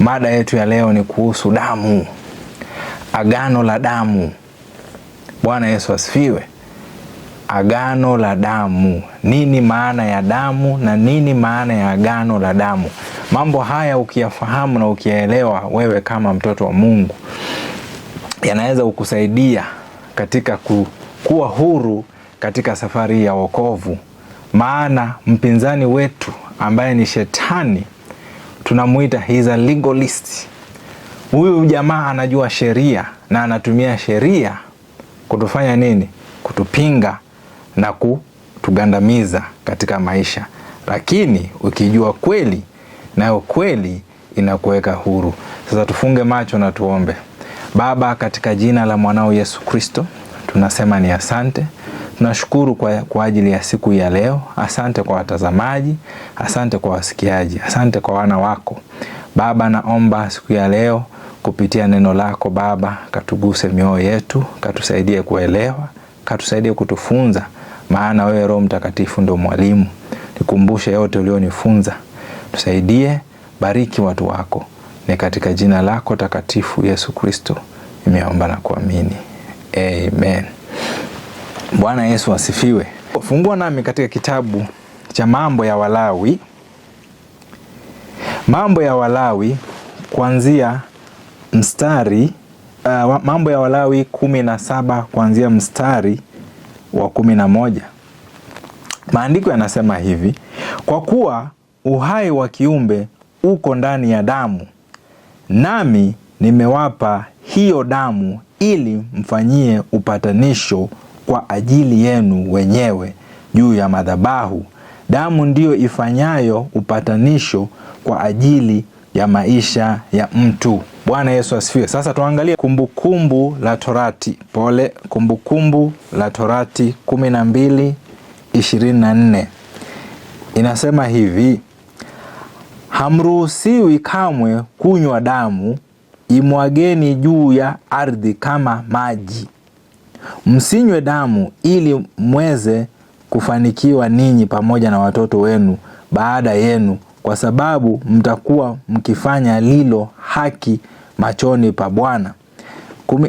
Mada yetu ya leo ni kuhusu damu, agano la damu. Bwana Yesu asifiwe. Agano la damu, nini maana ya damu na nini maana ya agano la damu? Mambo haya ukiyafahamu na ukiyaelewa, wewe kama mtoto wa Mungu, yanaweza kukusaidia katika kuwa huru katika safari ya wokovu, maana mpinzani wetu ambaye ni Shetani tunamwita he a legalist. Huyu jamaa anajua sheria na anatumia sheria kutufanya nini? Kutupinga na kutugandamiza katika maisha, lakini ukijua kweli, nayo kweli inakuweka huru. Sasa tufunge macho na tuombe. Baba, katika jina la mwanao Yesu Kristo tunasema ni asante. Tunashukuru kwa, kwa ajili ya siku ya leo. Asante kwa watazamaji, asante kwa wasikiaji, asante kwa wana wako Baba. Naomba siku ya leo kupitia neno lako Baba, katuguse mioyo yetu, katusaidie kuelewa, katusaidie kutufunza, maana wewe Roho Mtakatifu ndio mwalimu. Nikumbushe yote ulionifunza, tusaidie, bariki watu wako, ni katika jina lako takatifu Yesu Kristo nimeomba na kuamini. Amen. Bwana Yesu asifiwe. Fungua nami katika kitabu cha Mambo ya Walawi, Mambo ya Walawi kuanzia mstari uh, Mambo ya Walawi kumi na saba kuanzia mstari wa kumi na moja. Maandiko yanasema hivi: kwa kuwa uhai wa kiumbe uko ndani ya damu, nami nimewapa hiyo damu ili mfanyie upatanisho kwa ajili yenu wenyewe juu ya madhabahu. Damu ndiyo ifanyayo upatanisho kwa ajili ya maisha ya mtu. Bwana Yesu asifiwe. Sasa tuangalie Kumbukumbu la Torati, pole, Kumbukumbu la Torati 12:24 inasema hivi: hamruhusiwi kamwe kunywa damu imwageni juu ya ardhi kama maji. Msinywe damu, ili mweze kufanikiwa ninyi pamoja na watoto wenu baada yenu, kwa sababu mtakuwa mkifanya lilo haki machoni pa Bwana.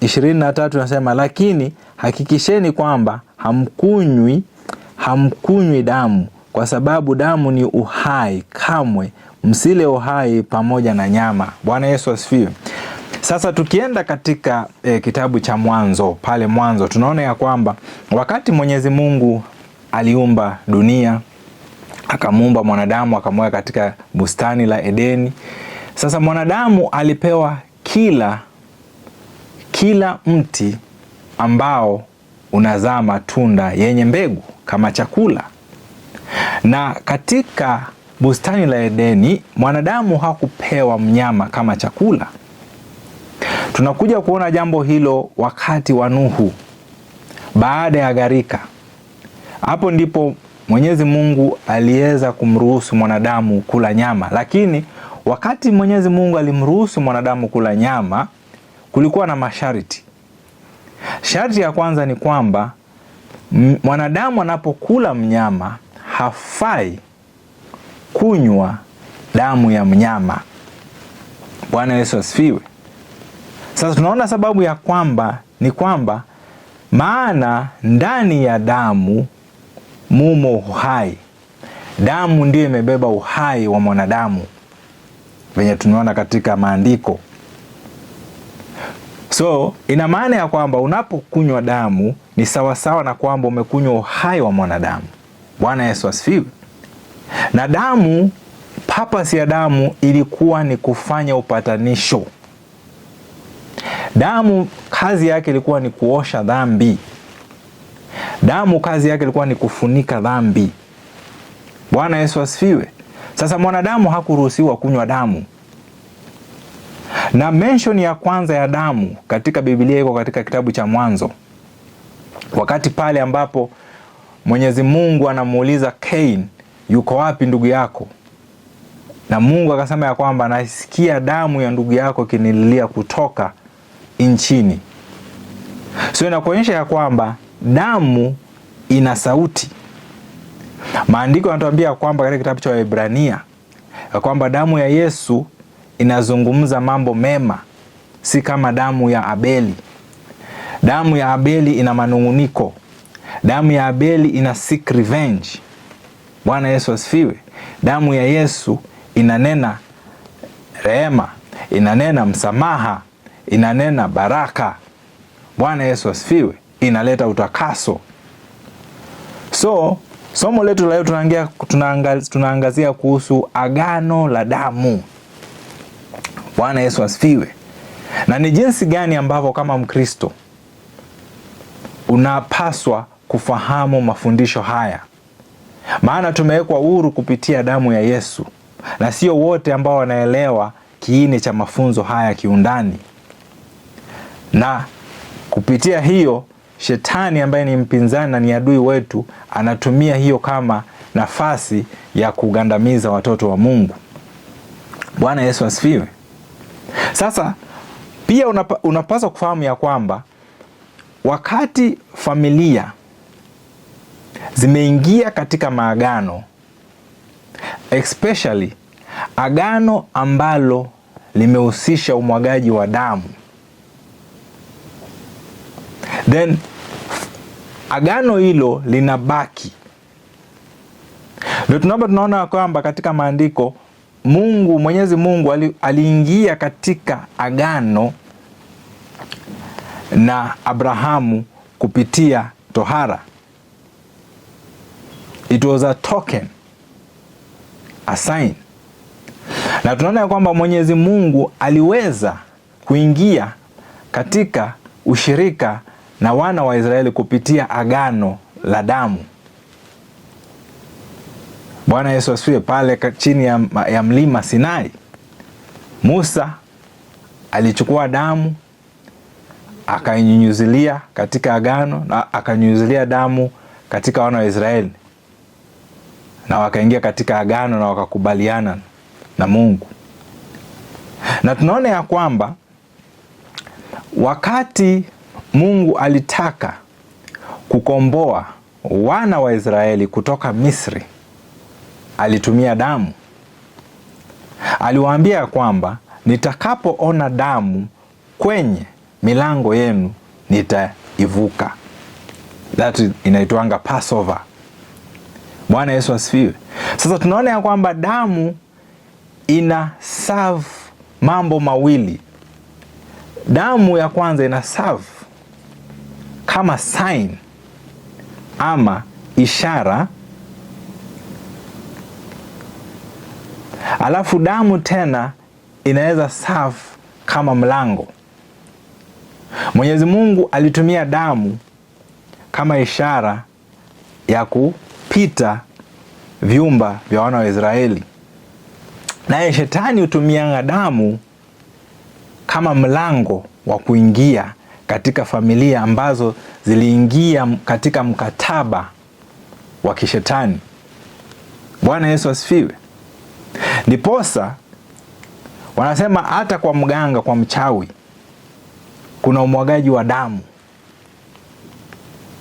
Ishirini na tatu nasema, lakini hakikisheni kwamba hamkunywi hamkunywi damu, kwa sababu damu ni uhai. Kamwe msile uhai pamoja na nyama. Bwana Yesu asifiwe. Sasa tukienda katika e, kitabu cha Mwanzo, pale mwanzo tunaona ya kwamba wakati Mwenyezi Mungu aliumba dunia akamuumba mwanadamu akamweka katika bustani la Edeni. Sasa mwanadamu alipewa kila kila mti ambao unazaa matunda yenye mbegu kama chakula, na katika bustani la Edeni mwanadamu hakupewa mnyama kama chakula, Tunakuja kuona jambo hilo wakati wa Nuhu baada ya gharika. Hapo ndipo Mwenyezi Mungu aliweza kumruhusu mwanadamu kula nyama, lakini wakati Mwenyezi Mungu alimruhusu mwanadamu kula nyama, kulikuwa na masharti. Sharti ya kwanza ni kwamba mwanadamu anapokula mnyama hafai kunywa damu ya mnyama. Bwana Yesu asifiwe. Sasa tunaona sababu ya kwamba ni kwamba maana ndani ya damu mumo uhai. Damu ndiyo imebeba uhai wa mwanadamu venye tunaona katika maandiko. So ina maana ya kwamba unapokunywa damu ni sawasawa na kwamba umekunywa uhai wa mwanadamu. Bwana Yesu asifiwe. Na damu, papasi ya damu ilikuwa ni kufanya upatanisho Damu kazi yake ilikuwa ni kuosha dhambi. Damu kazi yake ilikuwa ni kufunika dhambi. Bwana Yesu asifiwe. Sasa mwanadamu hakuruhusiwa kunywa damu, na mention ya kwanza ya damu katika Biblia iko katika kitabu cha Mwanzo, wakati pale ambapo Mwenyezi Mungu anamuuliza Kain, yuko wapi ndugu yako? Na Mungu akasema ya kwamba nasikia damu ya ndugu yako kinililia kutoka nchini. So inakuonyesha ya kwamba damu ina sauti. Maandiko yanatuambia kwamba katika kitabu cha Waebrania ya kwamba damu ya Yesu inazungumza mambo mema, si kama damu ya Abeli. Damu ya Abeli ina manung'uniko, damu ya Abeli ina seek revenge. Bwana Yesu asifiwe. Damu ya Yesu inanena rehema, inanena msamaha inanena baraka. Bwana Yesu asifiwe, inaleta utakaso. So somo letu la leo tunaangazia, tunaangazia kuhusu agano la damu. Bwana Yesu asifiwe. Na ni jinsi gani ambavyo kama Mkristo unapaswa kufahamu mafundisho haya, maana tumewekwa huru kupitia damu ya Yesu, na sio wote ambao wanaelewa kiini cha mafunzo haya kiundani na kupitia hiyo shetani ambaye ni mpinzani na ni adui wetu anatumia hiyo kama nafasi ya kugandamiza watoto wa Mungu. Bwana Yesu asifiwe. Sasa pia unapa, unapaswa kufahamu ya kwamba wakati familia zimeingia katika maagano especially agano ambalo limehusisha umwagaji wa damu then agano hilo linabaki. Ndio tunaomba tunaona kwamba katika maandiko Mungu Mwenyezi Mungu ali, aliingia katika agano na Abrahamu kupitia tohara. It was a token, a sign. Na tunaona ya kwamba Mwenyezi Mungu aliweza kuingia katika ushirika na wana wa Israeli kupitia agano la damu. Bwana Yesu asifiwe. Pale chini ya, ya mlima Sinai, Musa alichukua damu akainyunyuzilia katika agano na akanyunyuzilia damu katika wana wa Israeli, na wakaingia katika agano na wakakubaliana na Mungu, na tunaona ya kwamba wakati Mungu alitaka kukomboa wana wa Israeli kutoka Misri, alitumia damu. Aliwaambia ya kwamba nitakapoona damu kwenye milango yenu nitaivuka. That inaitwanga Passover. Bwana Yesu asifiwe. Sasa tunaona ya kwamba damu ina serve mambo mawili. Damu ya kwanza ina serve kama sign ama ishara. Alafu damu tena inaweza serve kama mlango. Mwenyezi Mungu alitumia damu kama ishara ya kupita vyumba vya wana wa Israeli, naye shetani hutumianga damu kama mlango wa kuingia katika familia ambazo ziliingia katika mkataba wa kishetani. Bwana Yesu asifiwe. Ndiposa wanasema hata kwa mganga, kwa mchawi kuna umwagaji wa damu,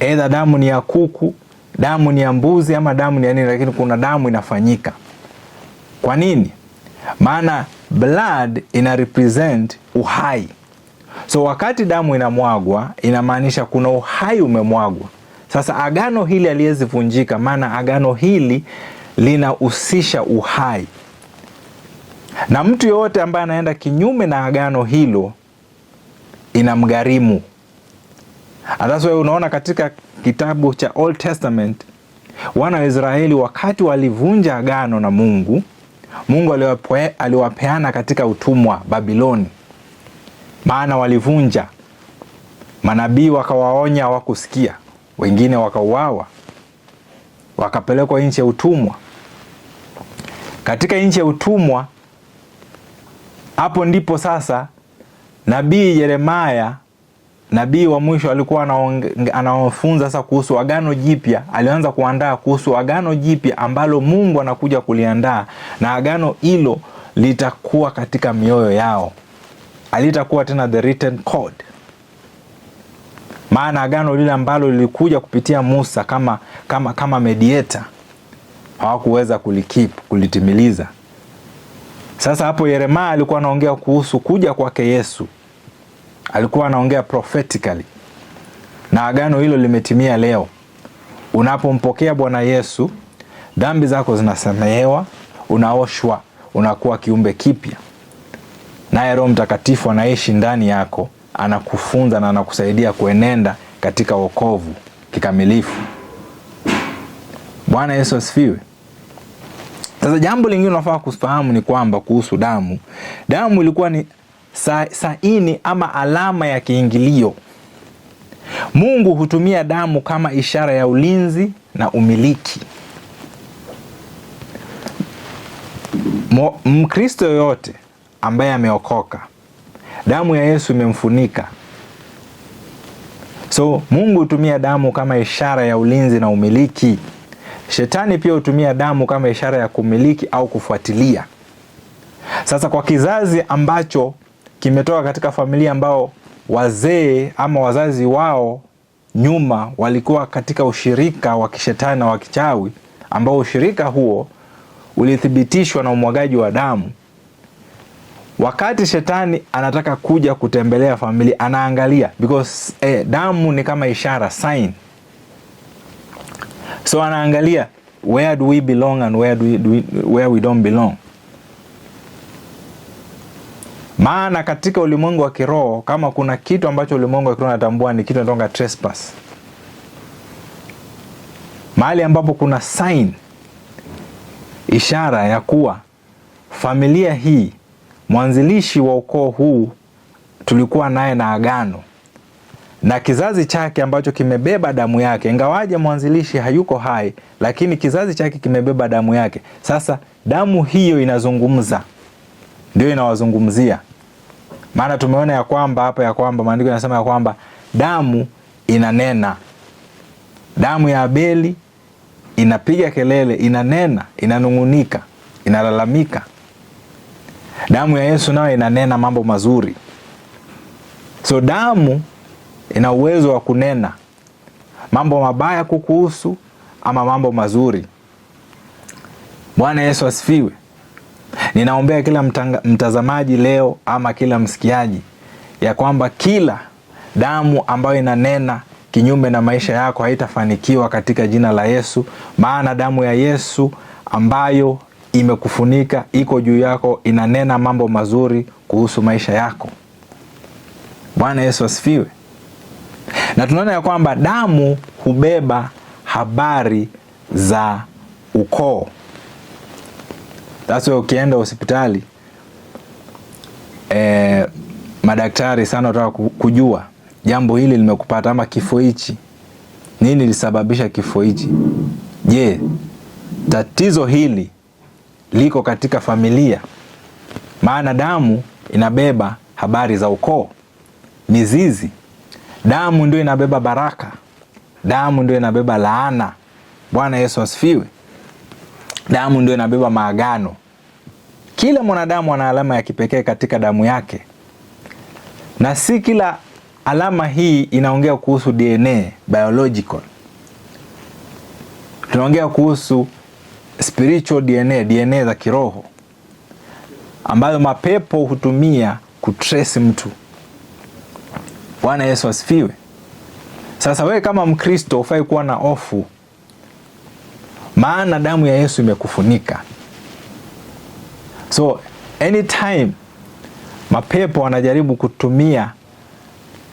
aidha damu ni ya kuku, damu ni ya mbuzi, ama damu ni ya nini, lakini kuna damu inafanyika. Kwa nini? Maana blood ina represent uhai. So wakati damu inamwagwa inamaanisha kuna uhai umemwagwa. Sasa agano hili aliyezivunjika, maana agano hili linahusisha uhai, na mtu yoyote ambaye anaenda kinyume na agano hilo inamgharimu. mgharimu why unaona katika kitabu cha Old Testament wana wa Israeli wakati walivunja agano na Mungu, Mungu aliwapeana katika utumwa Babiloni maana walivunja manabii, wakawaonya wakusikia wengine wakauawa, wakapelekwa nchi ya utumwa. Katika nchi ya utumwa, hapo ndipo sasa nabii Yeremaya nabii wa mwisho alikuwa anawafunza sasa kuhusu agano jipya. Alianza kuandaa kuhusu agano jipya ambalo Mungu anakuja kuliandaa, na agano hilo litakuwa katika mioyo yao alitakuwa tena the written code, maana agano lile ambalo lilikuja kupitia Musa kama, kama, kama mediator hawakuweza kulikip kulitimiliza. Sasa hapo Yeremia alikuwa anaongea kuhusu kuja kwake Yesu, alikuwa anaongea prophetically, na agano hilo limetimia leo. Unapompokea Bwana Yesu, dhambi zako zinasamehewa, unaoshwa, unakuwa kiumbe kipya naye Roho Mtakatifu anaishi ndani yako, anakufunza na anakusaidia kuenenda katika wokovu kikamilifu. Bwana Yesu asifiwe. Sasa jambo lingine unafaa kufahamu ni kwamba kuhusu damu, damu ilikuwa ni sa, saini ama alama ya kiingilio. Mungu hutumia damu kama ishara ya ulinzi na umiliki. Mkristo yoyote ambaye ameokoka, damu ya Yesu imemfunika. So Mungu hutumia damu kama ishara ya ulinzi na umiliki. Shetani pia hutumia damu kama ishara ya kumiliki au kufuatilia. Sasa kwa kizazi ambacho kimetoka katika familia ambao wazee ama wazazi wao nyuma walikuwa katika ushirika wa kishetani na wa kichawi, ambao ushirika huo ulithibitishwa na umwagaji wa damu, Wakati shetani anataka kuja kutembelea familia, anaangalia because eh, damu ni kama ishara sign, so anaangalia where do we belong and where do we, do we, where we don't belong. Maana katika ulimwengu wa kiroho, kama kuna kitu ambacho ulimwengu wa kiroho anatambua ni kitu anatonga trespass, mahali ambapo kuna sign, ishara ya kuwa familia hii Mwanzilishi wa ukoo huu tulikuwa naye na agano na kizazi chake ambacho kimebeba damu yake, ingawaje mwanzilishi hayuko hai, lakini kizazi chake kimebeba damu yake. Sasa damu hiyo inazungumza, ndio inawazungumzia. Maana tumeona ya kwamba hapa ya kwamba maandiko yanasema ya kwamba damu inanena, damu ya Abeli inapiga kelele, inanena, inanung'unika, inalalamika. Damu ya Yesu nayo inanena mambo mazuri. So damu ina uwezo wa kunena mambo mabaya kukuhusu ama mambo mazuri. Bwana Yesu asifiwe. Ninaombea kila mtanga, mtazamaji leo ama kila msikiaji ya kwamba kila damu ambayo inanena kinyume na maisha yako haitafanikiwa katika jina la Yesu, maana damu ya Yesu ambayo imekufunika, iko juu yako, inanena mambo mazuri kuhusu maisha yako. Bwana Yesu asifiwe. Na tunaona ya kwamba damu hubeba habari za ukoo. Sasa ukienda hospitali eh, madaktari sana wataka kujua jambo hili limekupata ama kifo hichi, nini lilisababisha kifo hichi? Je, tatizo hili liko katika familia, maana damu inabeba habari za ukoo, mizizi. Damu ndio inabeba baraka, damu ndio inabeba laana. Bwana Yesu asifiwe. Damu ndio inabeba maagano. Kila mwanadamu ana alama ya kipekee katika damu yake, na si kila alama hii inaongea kuhusu DNA biological, tunaongea kuhusu spiritual DNA, DNA za kiroho ambayo mapepo hutumia kutrace mtu. Bwana Yesu asifiwe. Sasa wewe kama Mkristo ufai kuwa na hofu, maana damu ya Yesu imekufunika. So anytime mapepo wanajaribu kutumia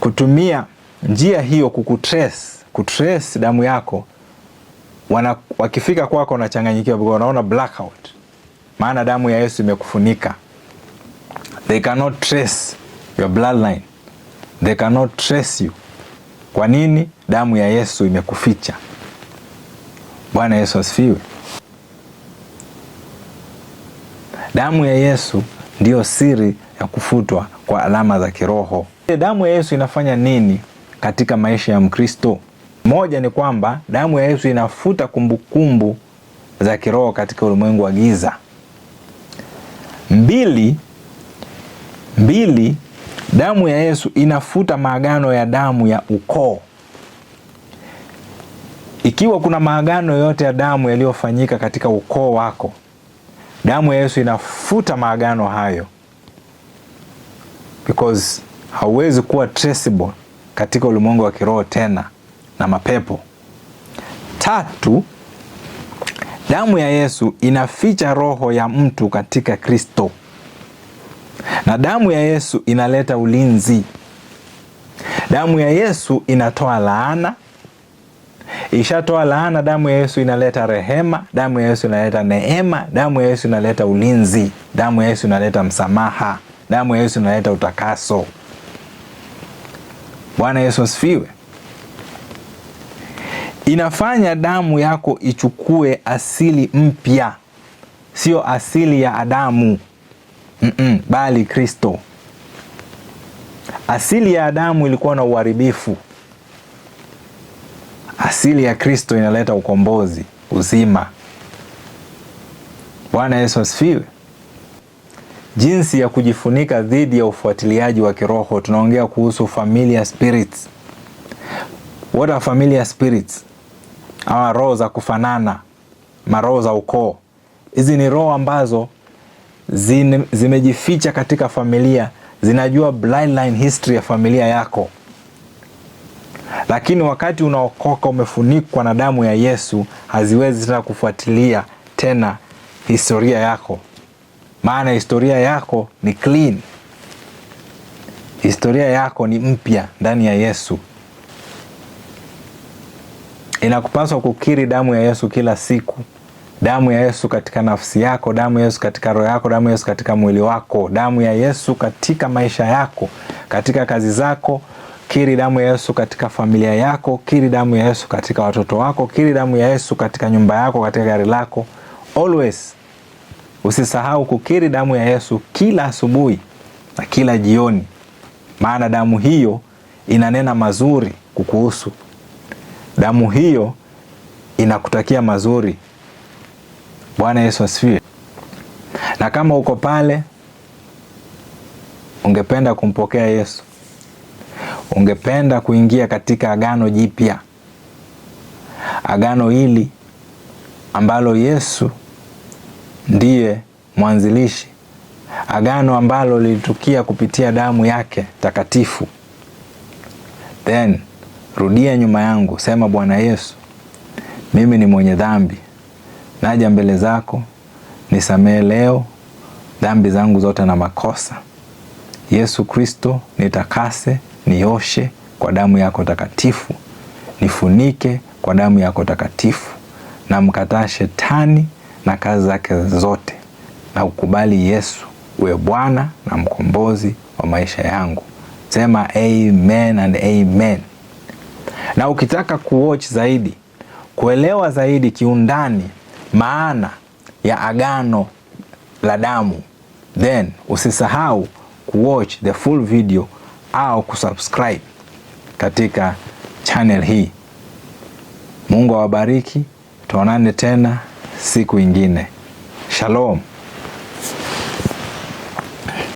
kutumia njia hiyo kukutrace, kutrace damu yako wana, wakifika kwako wanachanganyikiwa because wanaona blackout, maana damu ya Yesu imekufunika. They cannot trace your bloodline, they cannot trace you. Kwa nini? Damu ya Yesu imekuficha. Bwana Yesu asifiwe. Damu ya Yesu ndiyo siri ya kufutwa kwa alama za kiroho. Damu ya Yesu inafanya nini katika maisha ya Mkristo? Moja ni kwamba damu ya Yesu inafuta kumbukumbu za kiroho katika ulimwengu wa giza. Mbili, mbili, damu ya Yesu inafuta maagano ya damu ya ukoo. Ikiwa kuna maagano yote ya damu yaliyofanyika katika ukoo wako, damu ya Yesu inafuta maagano hayo, because hauwezi kuwa traceable katika ulimwengu wa kiroho tena na mapepo. Tatu, damu ya Yesu inaficha roho ya mtu katika Kristo, na damu ya Yesu inaleta ulinzi. Damu ya Yesu inatoa laana, ishatoa laana. Damu ya Yesu inaleta rehema, damu ya Yesu inaleta neema, damu ya Yesu inaleta ulinzi, damu ya Yesu inaleta msamaha, damu ya Yesu inaleta utakaso. Bwana Yesu asifiwe inafanya damu yako ichukue asili mpya, sio asili ya Adamu mm -mm, bali Kristo. Asili ya Adamu ilikuwa na uharibifu, asili ya Kristo inaleta ukombozi, uzima. Bwana Yesu asifiwe. Jinsi ya kujifunika dhidi ya ufuatiliaji wa kiroho, tunaongea kuhusu familia spirits. What are spirits? ama roho za kufanana, maroho za ukoo. Hizi ni roho ambazo zine, zimejificha katika familia, zinajua bloodline history ya familia yako, lakini wakati unaokoka umefunikwa na damu ya Yesu, haziwezi tena kufuatilia tena historia yako, maana historia yako ni clean, historia yako ni mpya ndani ya Yesu inakupaswa kukiri damu ya Yesu kila siku, damu ya Yesu katika nafsi yako, damu ya Yesu katika roho yako, damu ya Yesu katika mwili wako, damu ya Yesu katika maisha yako, katika kazi zako. Kiri damu ya Yesu katika familia yako, kiri damu ya Yesu katika watoto wako, kiri damu ya Yesu katika nyumba yako, katika gari lako. Always usisahau kukiri damu ya Yesu kila asubuhi na kila jioni, maana damu hiyo inanena mazuri kukuhusu damu hiyo inakutakia mazuri. Bwana Yesu asifiwe. Na kama uko pale ungependa kumpokea Yesu, ungependa kuingia katika agano jipya, agano hili ambalo Yesu ndiye mwanzilishi, agano ambalo lilitukia kupitia damu yake takatifu, then rudia nyuma yangu, sema Bwana Yesu, mimi ni mwenye dhambi, naja mbele zako, nisamehe leo dhambi zangu zote na makosa. Yesu Kristo, nitakase, nioshe kwa damu yako takatifu, nifunike kwa damu yako takatifu. Namkataa shetani na kazi zake zote, na ukubali Yesu uwe Bwana na mkombozi wa maisha yangu. Sema amen and amen na ukitaka kuwatch zaidi, kuelewa zaidi kiundani maana ya agano la damu, then usisahau kuwatch the full video au kusubscribe katika channel hii. Mungu awabariki, tuonane tena siku ingine. Shalom.